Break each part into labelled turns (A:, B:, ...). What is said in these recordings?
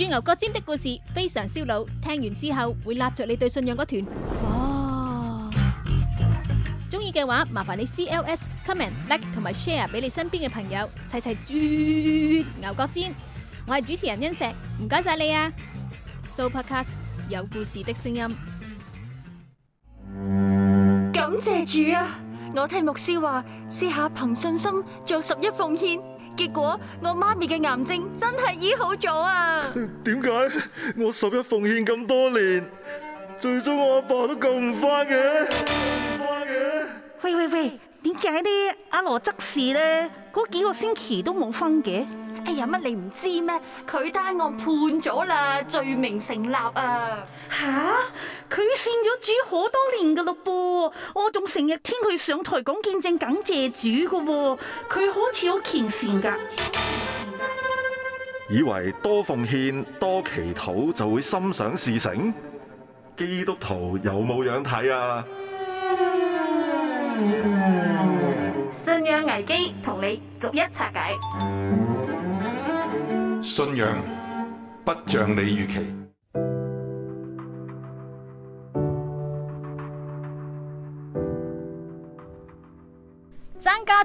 A: 轉牛角尖的故事非常燒腦，聽完之後會拉著你對信仰嗰團火。中意嘅話，麻煩你 CLS comment like 同埋 share 俾你身邊嘅朋友，齊齊鑽牛角尖。我係主持人恩石，唔該曬你啊！Sooopodcast 有故事的聲音，
B: 感謝主啊！我聽牧師話，試下憑信心做十一奉獻。結果我媽咪嘅癌症真係醫好咗啊！
C: 點解我十一奉獻咁多年，最終我阿爸都救唔翻嘅？救
B: 唔翻嘅，喂喂喂，點解呢？阿羅執事咧幾個星期都冇分嘅？哎呀，乜你唔知咩？佢單案判咗啦，罪名成立啊！吓。
A: 主好多年噶咯噃，我仲成日聽佢上台講見證感謝主噶，佢好似好虔善噶。
C: 以為多奉獻多祈禱就會心想事成，基督徒有冇樣睇啊？
B: 信仰
A: 危機同你逐一拆解，
C: 信仰不像你預期。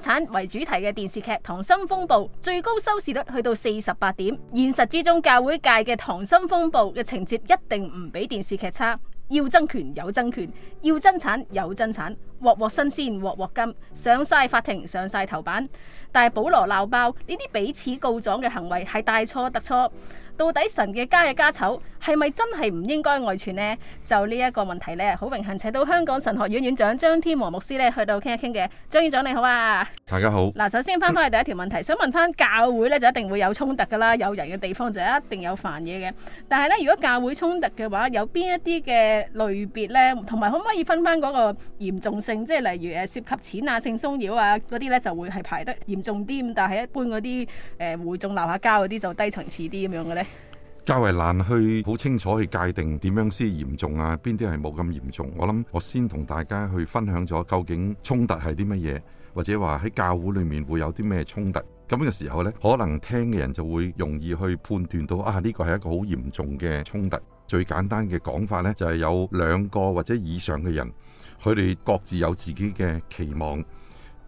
B: 家產
A: 為主題嘅電視劇《溏心風暴》最高收視率去到四十八點，現實之中教會界嘅《溏心風暴》嘅情節一定唔比電視劇差，要爭權有爭權，要爭產有爭產，鑊鑊新鮮鑊鑊甘，上晒法庭上晒頭版，但係保羅鬧爆呢啲彼此告狀嘅行為係大錯特錯。到底神嘅家嘅家醜係咪真係唔應該外傳呢？就呢一個問題呢，好榮幸請到香港神學院院長張天和牧師呢去到傾一傾嘅。張院長你好啊！大家好。嗱，首先翻返去第一條問題，想問翻教會呢，就一定會有衝突噶啦，有人嘅地方就一定有煩嘢嘅。但係呢，如果教會衝突嘅話，有邊一啲嘅類別呢，同埋可唔可以分翻嗰個嚴重性？即係例如誒涉及錢啊、性騷擾啊嗰啲呢，就會係排得嚴重啲。咁但係一般嗰啲誒會眾鬧下交嗰啲就低層次啲咁樣嘅呢。
C: 較為難去好清楚去界定點樣先嚴重啊？邊啲係冇咁嚴重？我諗我先同大家去分享咗究竟衝突係啲乜嘢，或者話喺教會裏面會有啲咩衝突咁嘅時候呢，可能聽嘅人就會容易去判斷到啊！呢個係一個好嚴重嘅衝突。最簡單嘅講法呢，就係有兩個或者以上嘅人，佢哋各自有自己嘅期望，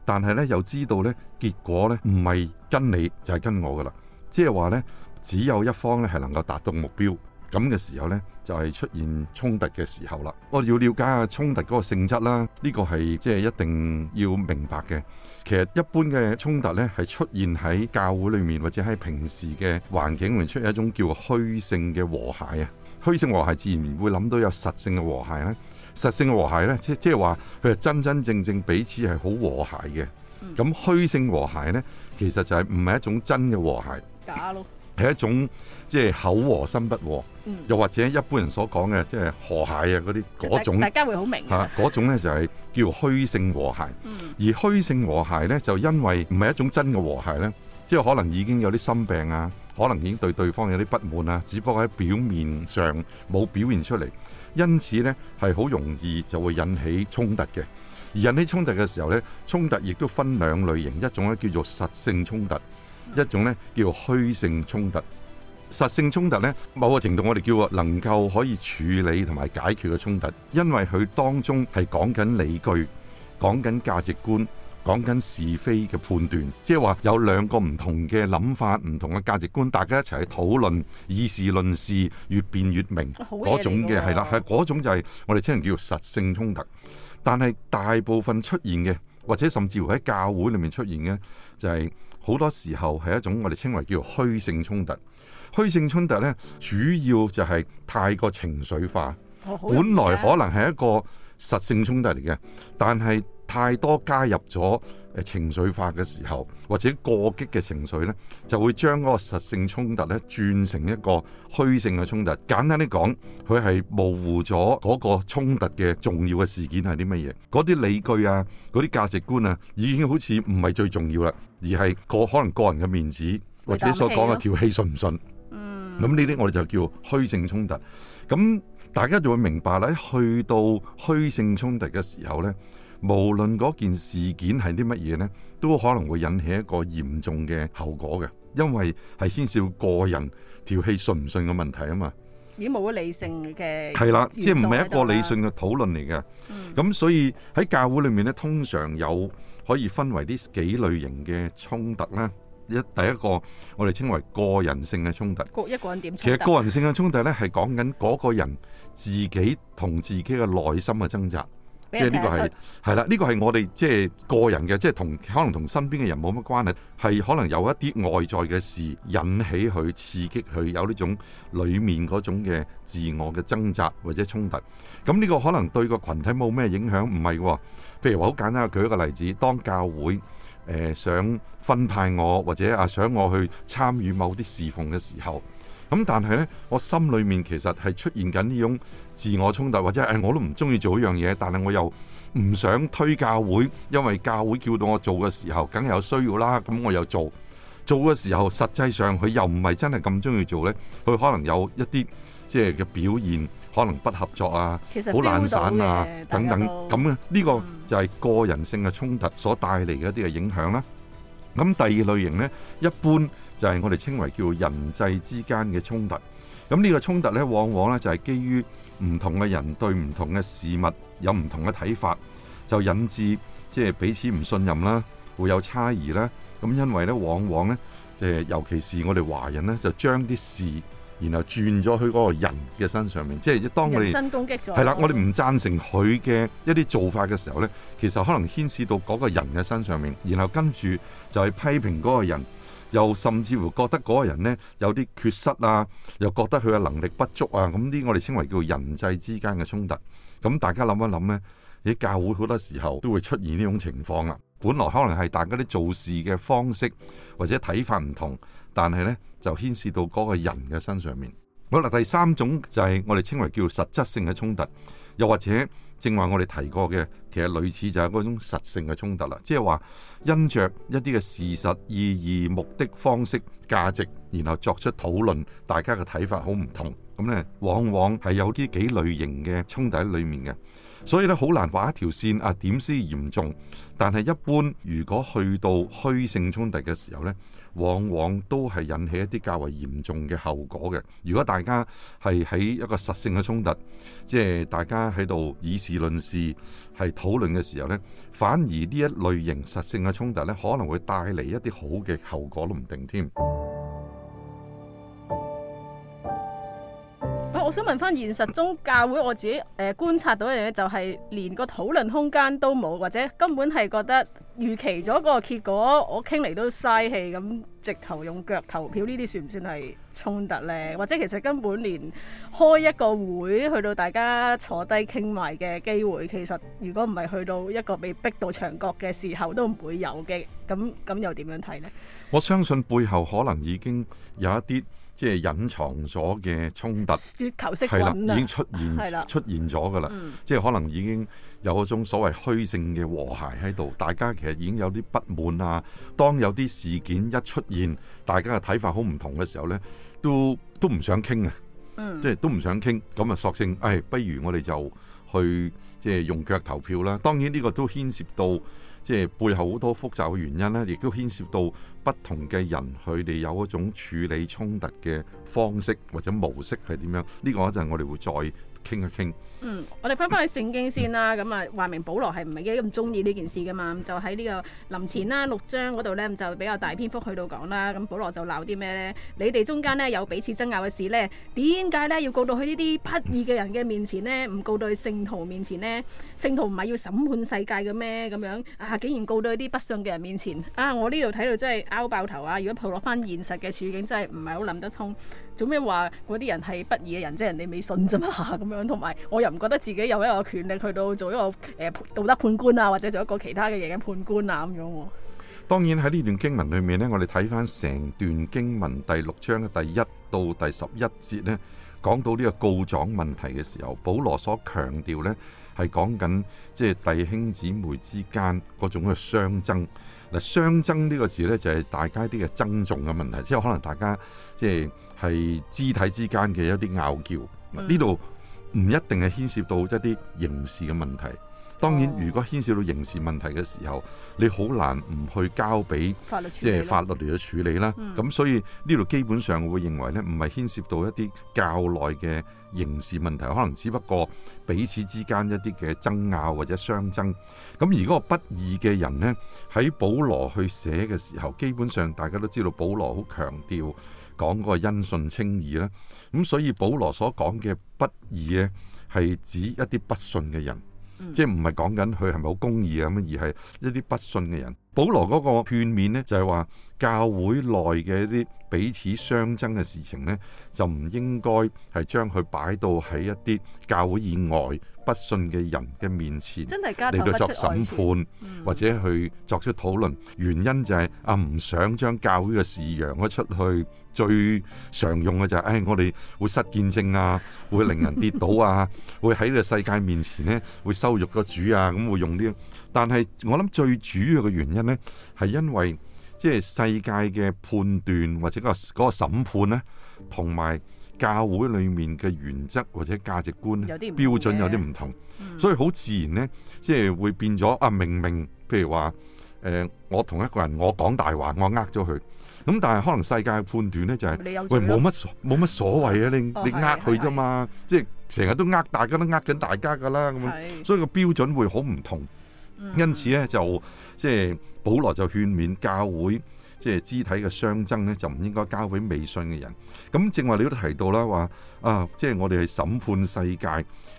C: 但係呢，又知道呢結果呢，唔係跟你就係跟我噶啦，即係話呢。只有一方咧，係能夠達到目標咁嘅時候呢，就係出現衝突嘅時候啦。我要了解下衝突嗰個性質啦。呢個係即係一定要明白嘅。其實一般嘅衝突呢，係出現喺教會裏面或者喺平時嘅環境裏面，出現一種叫虛性嘅和諧啊。虛性和諧自然會諗到有實性嘅和諧咧。實性嘅和諧呢，即即係話佢係真真正正彼此係好和諧嘅。咁虛性和諧呢，其實就係唔係一種真嘅和諧，假咯。係一種即係口和心不和、嗯，又或者一般人所講嘅即係和諧啊嗰啲嗰種，大家，大家會好明嚇嗰、啊、種咧就係、是、叫虛性和諧，嗯、而虛性和諧咧就因為唔係一種真嘅和諧咧，即係可能已經有啲心病啊，可能已經對對方有啲不滿啊，只不過喺表面上冇表現出嚟，因此咧係好容易就會引起衝突嘅，而引起衝突嘅時候咧，衝突亦都分兩類型，一種咧叫做實性衝突。一種咧叫虛性衝突，實性衝突呢，某個程度我哋叫能夠可以處理同埋解決嘅衝突，因為佢當中係講緊理據，講緊價值觀，講緊是非嘅判斷，即係話有兩個唔同嘅諗法、唔同嘅價值觀，大家一齊去討論，以事論事，越辯越明嗰種嘅係啦，嗰種就係我哋稱為叫做實性衝突。但係大部分出現嘅，或者甚至乎喺教會裏面出現嘅，就係、是。好多時候係一種我哋稱為叫虛性衝突，虛性衝突呢，主要就係太過情緒化，
B: 本來可
C: 能係一個實性衝突嚟嘅，但係太多加入咗。情緒化嘅時候，或者過激嘅情緒呢，就會將嗰個實性衝突咧，轉成一個虛性嘅衝突。簡單啲講，佢係模糊咗嗰個衝突嘅重要嘅事件係啲乜嘢，嗰啲理據啊，嗰啲價值觀啊，已經好似唔係最重要啦，而係個可能個人嘅面子、啊，或者所講嘅條氣順唔順。嗯。咁呢啲我哋就叫虛性衝突。咁大家就會明白咧，去到虛性衝突嘅時候呢。無論嗰件事件係啲乜嘢咧，都可能會引起一個嚴重嘅後果嘅，因為係牽涉個人條氣順唔順嘅問題啊嘛。已
A: 經冇咗理性嘅，係啦，即係唔係一個理
C: 性嘅討論嚟嘅。咁所以喺教會裏面咧，通常有可以分為呢幾類型嘅衝突咧。一第一個，我哋稱為個人性嘅衝突。
A: 個一個人點？其實個人
C: 性嘅衝突咧，係講緊嗰個人自己同自己嘅內心嘅掙扎。即係呢個係係啦，呢個係我哋即係個人嘅，即係同可能同身邊嘅人冇乜關係，係可能有一啲外在嘅事引起佢，刺激佢有呢種裡面嗰種嘅自我嘅掙扎或者衝突。咁呢個可能對個群體冇咩影響，唔係嘅。譬如話好簡單，舉一個例子，當教會誒想分派我或者啊想我去參與某啲侍奉嘅時候。咁但係呢，我心裏面其實係出現緊呢種自我衝突，或者係、哎、我都唔中意做一樣嘢，但係我又唔想推教會，因為教會叫到我做嘅時候，梗係有需要啦。咁我又做，做嘅時候實際上佢又唔係真係咁中意做呢。佢可能有一啲即係嘅表現，可能不合作啊，好懶散啊等等。咁呢、這個就係個人性嘅衝突所帶嚟嘅一啲嘅影響啦、啊。咁第二類型呢，一般。就係我哋稱為叫人際之間嘅衝突，咁呢個衝突呢，往往呢就係基於唔同嘅人對唔同嘅事物有唔同嘅睇法，就引致即係彼此唔信任啦，會有差異啦。咁因為呢，往往呢誒，尤其是我哋華人呢，就將啲事然後轉咗去嗰個人嘅身上面，即係當我哋人身
A: 攻擊咗係啦，我
C: 哋唔贊成佢嘅一啲做法嘅時候呢，其實可能牽涉到嗰個人嘅身上面，然後跟住就係批評嗰個人。又甚至乎覺得嗰個人呢，有啲缺失啊，又覺得佢嘅能力不足啊，咁啲我哋稱為叫人際之間嘅衝突。咁大家諗一諗呢，喺教會好多時候都會出現呢種情況啦。本來可能係大家啲做事嘅方式或者睇法唔同，但係呢，就牽涉到嗰個人嘅身上面。好啦，第三種就係我哋稱為叫實質性嘅衝突。又或者正話我哋提過嘅，其實類似就係嗰種實性嘅衝突啦，即係話因着一啲嘅事實、意義、目的、方式、價值，然後作出討論，大家嘅睇法好唔同，咁呢，往往係有啲幾類型嘅衝突喺裡面嘅，所以咧好難畫一條線啊，點先嚴重，但係一般如果去到虛性衝突嘅時候呢。往往都係引起一啲較為嚴重嘅後果嘅。如果大家係喺一個實性嘅衝突，即係大家喺度以事論事係討論嘅時候呢，反而呢一類型實性嘅衝突呢，可能會帶嚟一啲好嘅後果都唔定添。
A: 我想問翻現實中教會我自己誒、呃，觀察到一樣嘢，就係連個討論空間都冇，或者根本係覺得預期咗個結果，我傾嚟都嘥氣，咁直頭用腳投票呢啲算唔算係衝突呢？或者其實根本連開一個會去到大家坐低傾埋嘅機會，其實如果唔係去到一個被逼到牆角嘅時候，都唔會有嘅。咁咁又點樣睇呢？
C: 我相信背後可能已經有一啲。即係隱藏咗嘅衝突，
A: 係啦、啊，已經出現出
C: 現咗噶啦。即係可能已經有一種所謂虛性嘅和諧喺度，大家其實已經有啲不滿啊。當有啲事件一出現，大家嘅睇法好唔同嘅時候呢，都都唔想傾啊、嗯，即係都唔想傾。咁啊，索性誒、哎，不如我哋就去即係用腳投票啦。當然呢個都牽涉到。即係背後好多複雜嘅原因咧，亦都牽涉到不同嘅人，佢哋有一種處理衝突嘅方式或者模式係點樣？呢個一陣我哋會再傾一傾。
A: 嗯，我哋翻翻去聖經先啦，咁啊，話明保羅係唔係幾咁中意呢件事噶嘛？就喺呢個林前啦，六章嗰度呢，就比較大篇幅去到講啦。咁保羅就鬧啲咩呢？你哋中間呢，有彼此爭拗嘅事呢？點解呢？要告到去呢啲不義嘅人嘅面前呢？唔告到去聖徒面前呢？聖徒唔係要審判世界嘅咩？咁樣啊，竟然告到去啲不信嘅人面前啊！我呢度睇到真係拗爆頭啊！如果回落翻現實嘅處境，真係唔係好諗得通。做咩話嗰啲人係不義嘅人？即係人哋未信咋嘛咁樣。同、啊、埋我唔覺得自己有一個權力去到做一個誒道德判官啊，或者做一個其他嘅嘢嘅判官啊咁樣喎。
C: 當然喺呢段經文裏面咧，我哋睇翻成段經文第六章嘅第一到第十一節咧，講到呢個告狀問題嘅時候，保羅所強調咧係講緊即係弟兄姊妹之間嗰種嘅相爭。嗱，相爭呢個字咧就係大家啲嘅爭訟嘅問題，即係可能大家即係係肢體之間嘅一啲拗撬呢度。唔一定係牽涉到一啲刑事嘅問題。當然，如果牽涉到刑事問題嘅時候，你好難唔去交俾即係法律嚟去處理啦。咁所以呢度基本上我會認為呢唔係牽涉到一啲較內嘅刑事問題，可能只不過彼此之間一啲嘅爭拗或者相爭。咁如果個不義嘅人呢，喺保羅去寫嘅時候，基本上大家都知道保羅好強調。講嗰個因信稱義咧，咁所以保羅所講嘅不義咧，係指一啲不信嘅人，嗯、即係唔係講緊佢係咪好公義啊咁，而係一啲不信嘅人。保羅嗰個勸勉咧，就係話教會內嘅一啲彼此相爭嘅事情咧，就唔應該係將佢擺到喺一啲教會以外不信嘅人嘅面前嚟到作審判、嗯、或者去作出討論。原因就係啊，唔想將教會嘅事揚咗出去。最常用嘅就係、是，誒、哎，我哋會失見證啊，會令人跌倒啊， 會喺呢個世界面前咧，會羞辱個主啊，咁會用啲。但係我諗最主要嘅原因咧，係因為即係、就是、世界嘅判斷或者個嗰個審判咧，同埋教會裏面嘅原則或者價值觀咧，標準有啲唔同、嗯，所以好自然咧，即、就、係、是、會變咗啊！明明譬如話，誒、呃，我同一個人，我講大話，我呃咗佢。咁但係可能世界判斷咧就係、是，喂冇乜冇乜所謂啊、哦！你你呃佢啫嘛，即係成日都呃大家都呃緊大家噶啦，咁樣所以個標準會好唔同。因此咧就即係保羅就勸勉教會，即、就、係、是、肢體嘅相爭咧就唔應該交俾未信嘅人。咁正話你都提到啦，話啊即係、就是、我哋係審判世界。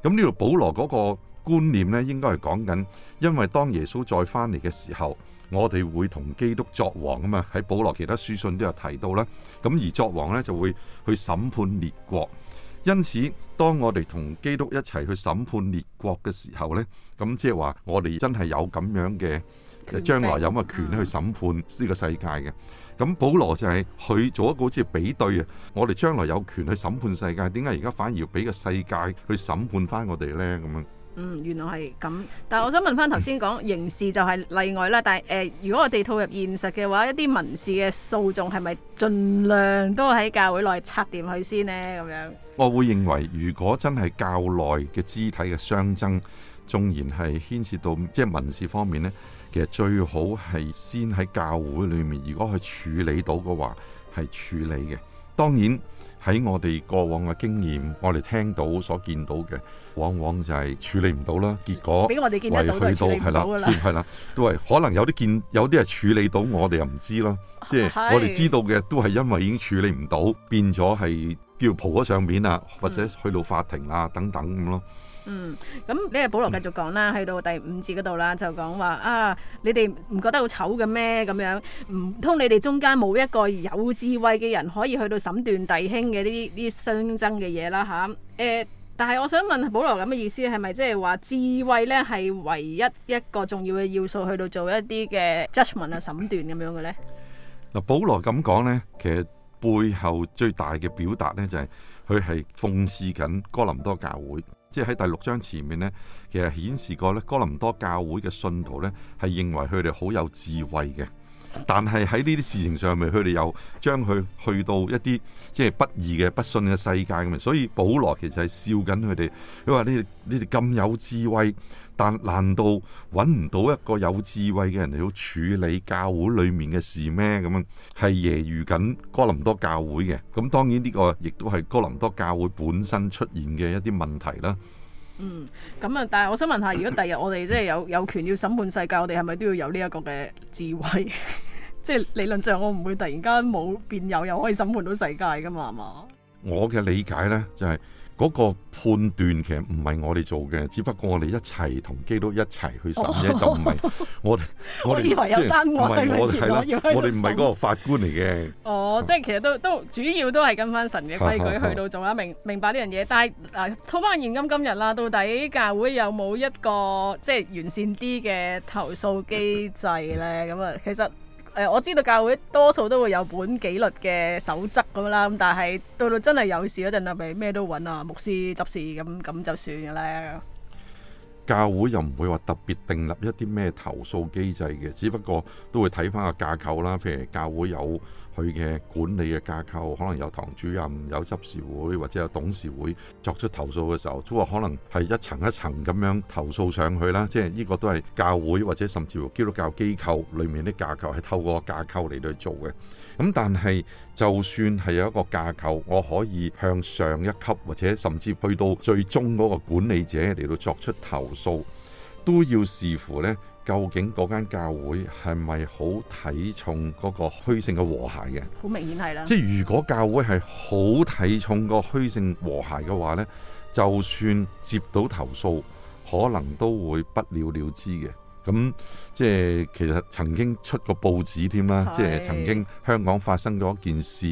C: 咁呢度保羅嗰個觀念咧應該係講緊，因為當耶穌再翻嚟嘅時候。我哋會同基督作王啊嘛，喺保羅其他書信都有提到啦。咁而作王呢，就會去審判列國。因此，當我哋同基督一齊去審判列國嘅時候呢，咁即係話我哋真係有咁樣嘅將來有乜權去審判呢個世界嘅？咁保羅就係去做一個好似比對啊，我哋將來有權去審判世界，點解而家反而要俾個世界去審判翻我哋呢？咁樣？
A: 嗯，原來係咁。但係我想問翻頭先講刑事就係例外啦。但係誒、呃，如果我哋套入現實嘅話，一啲民事嘅訴訟係咪盡量都喺教會內拆掂佢先呢？咁樣，
C: 我會認為，如果真係教內嘅肢體嘅相爭，縱然係牽涉到即係、就是、民事方面呢，其實最好係先喺教會裡面，如果佢處理到嘅話，係處理嘅。當然。喺我哋過往嘅經驗，我哋聽到所見到嘅，往往就係處理唔到啦，結果我見到為去到係啦，係啦，都係可能有啲見有啲係處理到，我哋又唔知咯。即係我哋知道嘅 都係因為已經處理唔到，變咗係叫蒲咗上面啊，或者去到法庭啊、嗯、等等咁咯。
A: 嗯，咁呢個保羅繼續講啦，去到第五節嗰度啦，就講話啊，你哋唔覺得好醜嘅咩？咁樣唔通你哋中間冇一個有智慧嘅人可以去到審斷弟兄嘅呢啲呢啲相爭嘅嘢啦吓？誒，但係我想問保羅咁嘅意思係咪即係話智慧咧係唯一一個重要嘅要素去到做一啲嘅 judgement 啊審斷咁樣嘅咧？
C: 嗱，保羅咁講咧，其實背後最大嘅表達咧就係佢係諷刺緊哥林多教會。即係喺第六章前面咧，其實顯示過咧哥林多教會嘅信徒咧係認為佢哋好有智慧嘅。但係喺呢啲事情上面，佢哋又將佢去到一啲即係不義嘅、不信嘅世界咁，所以保羅其實係笑緊佢哋，佢話你哋你哋咁有智慧，但難道揾唔到一個有智慧嘅人嚟到處理教會裏面嘅事咩？咁啊，係揶揄緊哥林多教會嘅。咁當然呢個亦都係哥林多教會本身出現嘅一啲問題啦。
A: 嗯，咁啊，但係我想問下，如果第日我哋即係有有權要審判世界，我哋係咪都要有呢一個嘅智慧？ 即係理論上，我唔會突然間冇變有，又可以審判到世界噶嘛？係嘛？
C: 我嘅理解呢，就係、是。嗰、那個判斷其實唔係我哋做嘅，只不過我哋一齊同基督一齊去審嘢、哦，就唔係我、哦、我哋以為有單位是是我，我哋唔係嗰個法官嚟嘅、哦。
A: 哦，即係其實都都主要都係跟翻神嘅規矩、哦、去到做啦。明白、哦、明白呢樣嘢，但係嗱，講翻現今今日啦，到底教會有冇一個即係、就是、完善啲嘅投訴機制咧？咁啊，其實。誒、哎、我知道教會多數都會有本紀律嘅守則咁啦，咁但係到到真係有事嗰陣，係咪咩都揾啊牧師執事咁咁就算噶啦？
C: 教會又唔會話特別訂立一啲咩投訴機制嘅，只不過都會睇翻個架構啦。譬如教會有佢嘅管理嘅架構，可能有堂主任、有執事會或者有董事會，作出投訴嘅時候，都話可能係一層一層咁樣投訴上去啦。即係呢個都係教會或者甚至乎基督教機構裡面啲架構，係透過架構嚟去做嘅。咁但係就算係有一個架構，我可以向上一級或者甚至去到最終嗰個管理者嚟到作出投訴，都要視乎咧，究竟嗰間教會係咪好睇重嗰個虛性嘅和諧
A: 嘅？好明顯係啦。即係
C: 如果教會係好睇重個虛性和諧嘅話咧，就算接到投訴，可能都會不了了之嘅。咁即係其實曾經出過報紙添啦，即係曾經香港發生咗一件事，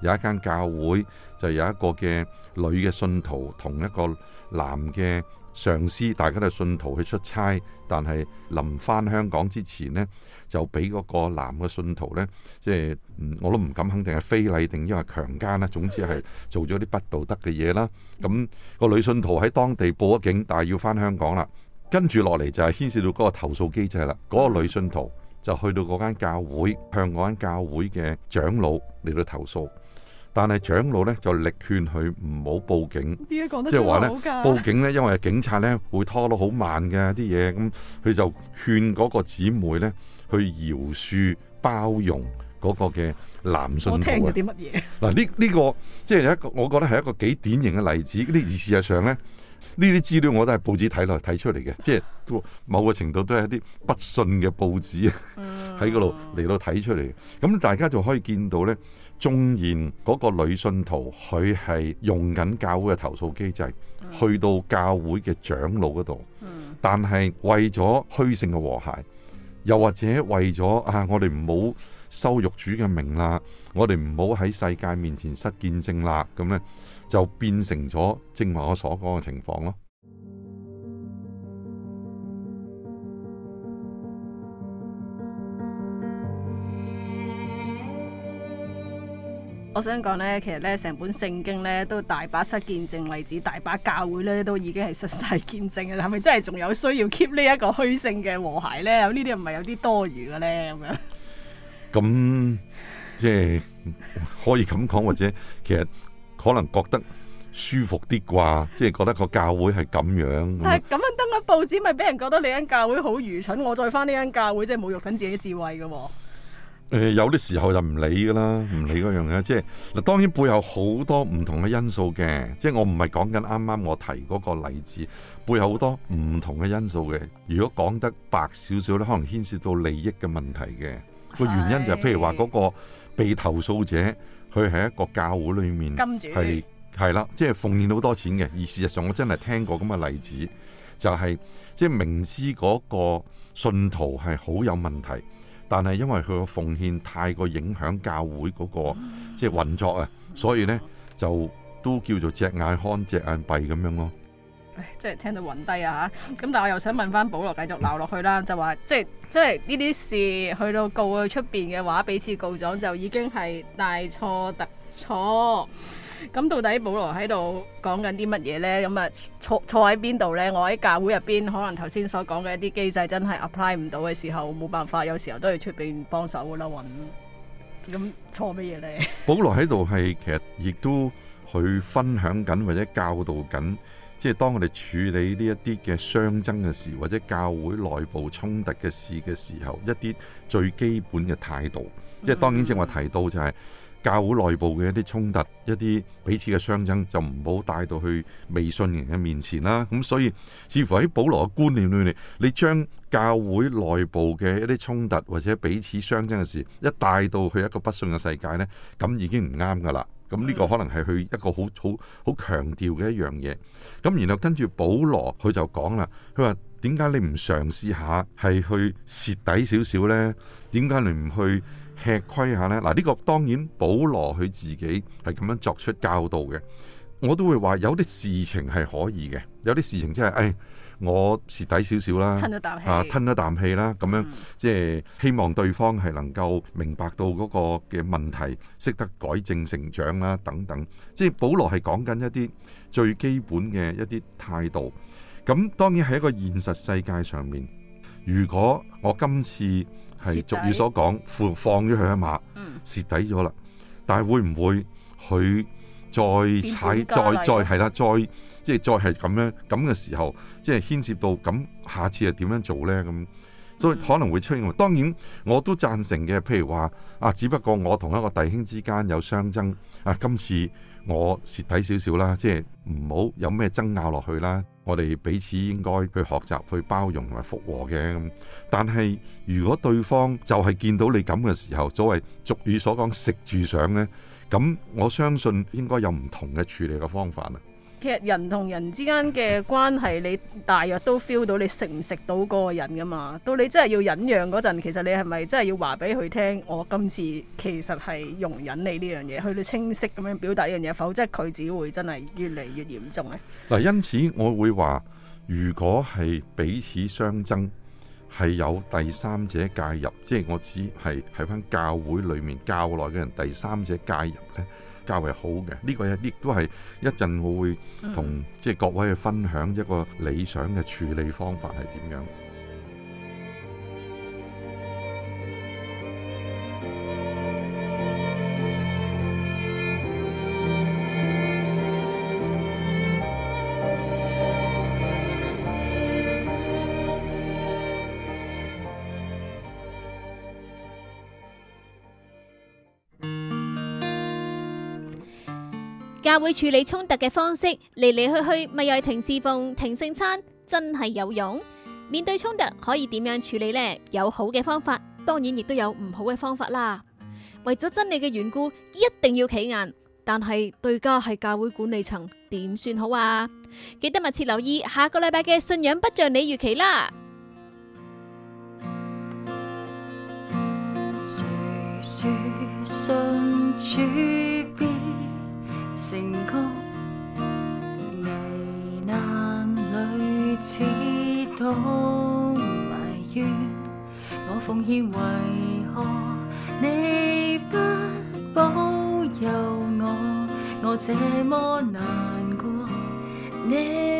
C: 有一間教會就有一個嘅女嘅信徒同一個男嘅上司，大家都係信徒去出差，但係臨翻香港之前呢，就俾嗰個男嘅信徒呢，即係我都唔敢肯定係非禮定因為強奸啦，總之係做咗啲不道德嘅嘢啦。咁個女信徒喺當地報咗警，但係要翻香港啦。跟住落嚟就係牽涉到嗰個投訴機制啦。嗰、嗰個女信徒就去到嗰間教會，向嗰間教會嘅長老嚟到投訴，但係長老咧就力勸佢唔好報警，點
B: 解講？即係話咧報警
C: 咧，因為警察咧會拖到好慢嘅啲嘢，咁佢、嗯、就勸嗰個姊妹咧去饒恕包容嗰個嘅男信徒。我聽咗啲乜嘢？嗱呢呢個即係、就是、一個我覺得係一個幾典型嘅例子。呢事實上咧。呢啲資料我都係報紙睇落睇出嚟嘅，即係某個程度都係一啲不信嘅報紙喺嗰度嚟到睇出嚟。咁大家就可以見到呢，縱然嗰個女信徒，佢係用緊教會嘅投訴機制，去到教會嘅長老嗰度。但係為咗虛性嘅和諧，又或者為咗啊，我哋唔好羞辱主嘅名啦，我哋唔好喺世界面前失見證啦，咁呢。就變成咗正話我所講嘅情況咯。
A: 我想講咧，其實咧，成本聖經咧都大把失見證例子，大把教會咧都已經係失晒見證嘅啦。係咪真係仲有需要 keep 呢一個虛性嘅和諧咧？有呢啲唔係有啲多餘嘅咧？咁 樣
C: 咁即係可以咁講，或者其實。可能覺得舒服啲啩，即係覺得個教會係咁樣。係 咁這樣，
A: 嗯、樣登個報紙，咪俾人覺得你間教會好愚蠢。我再返呢間教會，即係侮辱緊自己嘅智慧嘅、哦。誒、
C: 呃，有啲時候就唔理噶啦，唔理嗰樣嘅。即係嗱，當然背後好多唔同嘅因素嘅。即係我唔係講緊啱啱我提嗰個例子，背後好多唔同嘅因素嘅。如果講得白少少咧，可能牽涉到利益嘅問題嘅個原因就係譬如話嗰個被投訴者。佢喺一個教會裏面，係係啦，即係、即係、奉獻好多錢嘅。而事實上，我真係聽過咁嘅例子，就係即係明知嗰個信徒係好有問題，但係因為佢個奉獻太過影響教會嗰個即係運作啊、嗯，所以呢，就都叫做隻眼看隻眼閉咁樣咯。
A: 即係聽到暈低啊！咁，但係我又想問翻保羅，繼續鬧落去啦，就話即係即係呢啲事去到告去出邊嘅話，彼此告狀就已經係大錯特錯。咁到底保羅喺度講緊啲乜嘢呢？咁啊錯錯喺邊度呢？我喺教會入邊可能頭先所講嘅一啲機制真係 apply 唔到嘅時候，冇辦法，有時候都要出邊幫手噶啦，咁錯乜嘢呢？
C: 保羅喺度係其實亦都去分享緊或者教導緊。即係當我哋處理呢一啲嘅相爭嘅事，或者教會內部衝突嘅事嘅時候，一啲最基本嘅態度，即係當然正話提到就係教會內部嘅一啲衝突、一啲彼此嘅相爭，就唔好帶到去未信人嘅面前啦。咁所以似乎喺保羅嘅觀念裏面，你將教會內部嘅一啲衝突或者彼此相爭嘅事一帶到去一個不信嘅世界呢，咁已經唔啱噶啦。咁、這、呢個可能係佢一個好好好強調嘅一樣嘢，咁然後跟住保羅佢就講啦，佢話點解你唔嘗試下係去蝕底少少呢？點解你唔去吃虧，呢去吃虧下呢？」嗱，呢個當然保羅佢自己係咁樣作出教導嘅，我都會話有啲事情係可以嘅，有啲事情真係誒。我蝕底少少啦，吞一啖氣，啊，吞一啖氣啦，咁樣即係希望對方係能夠明白到嗰個嘅問題，識得改正成長啦，等等。即係保羅係講緊一啲最基本嘅一啲態度。咁當然係一個現實世界上面，如果我今次係俗語所講放放咗佢一馬，蝕底咗啦，但係會唔會佢再踩、再再係啦、再？即係再係咁樣咁嘅時候，即係牽涉到咁，下次係點樣做呢？咁所以可能會出現。當然我都贊成嘅，譬如話啊，只不過我同一個弟兄之間有相爭啊，今次我蝕底少少啦，即係唔好有咩爭拗落去啦。我哋彼此應該去學習去包容同埋復和嘅。咁但係如果對方就係見到你咁嘅時候，所謂俗語所講食住上呢，咁我相信應該有唔同嘅處理嘅方法啦。
A: 其實人同人之間嘅關係，你大約都 feel 到你食唔食到嗰個人噶嘛？到你真係要忍讓嗰陣，其實你係咪真係要話俾佢聽？我今次其實係容忍你呢樣嘢，去到清晰咁樣表達呢樣嘢，否則，佢只會真係越嚟越嚴重咧。
C: 嗱，因此我會話，如果係彼此相爭，係有第三者介入，即係我只係喺翻教會裏面教內嘅人，第三者介入咧。較為好嘅，呢個亦都係一陣，我會同即係各位去分享一個理想嘅處理方法係點樣。
A: 教會處理衝突嘅方式嚟嚟去去咪又係停侍奉、停聖餐，真係有用。面對衝突可以點樣處理呢？有好嘅方法，當然亦都有唔好嘅方法啦。為咗真理嘅緣故，一定要企硬，但係對家係教會管理層，點算好啊？記得密切留意下個禮拜嘅《信仰不像你預期》
B: 啦。成功危難裏，只懂埋怨。我奉獻，為何你不保佑我？我這麼難過，你。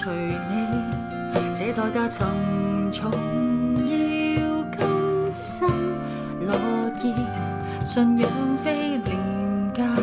B: 隨你，這代價沉重，要甘心樂意信仰非廉價。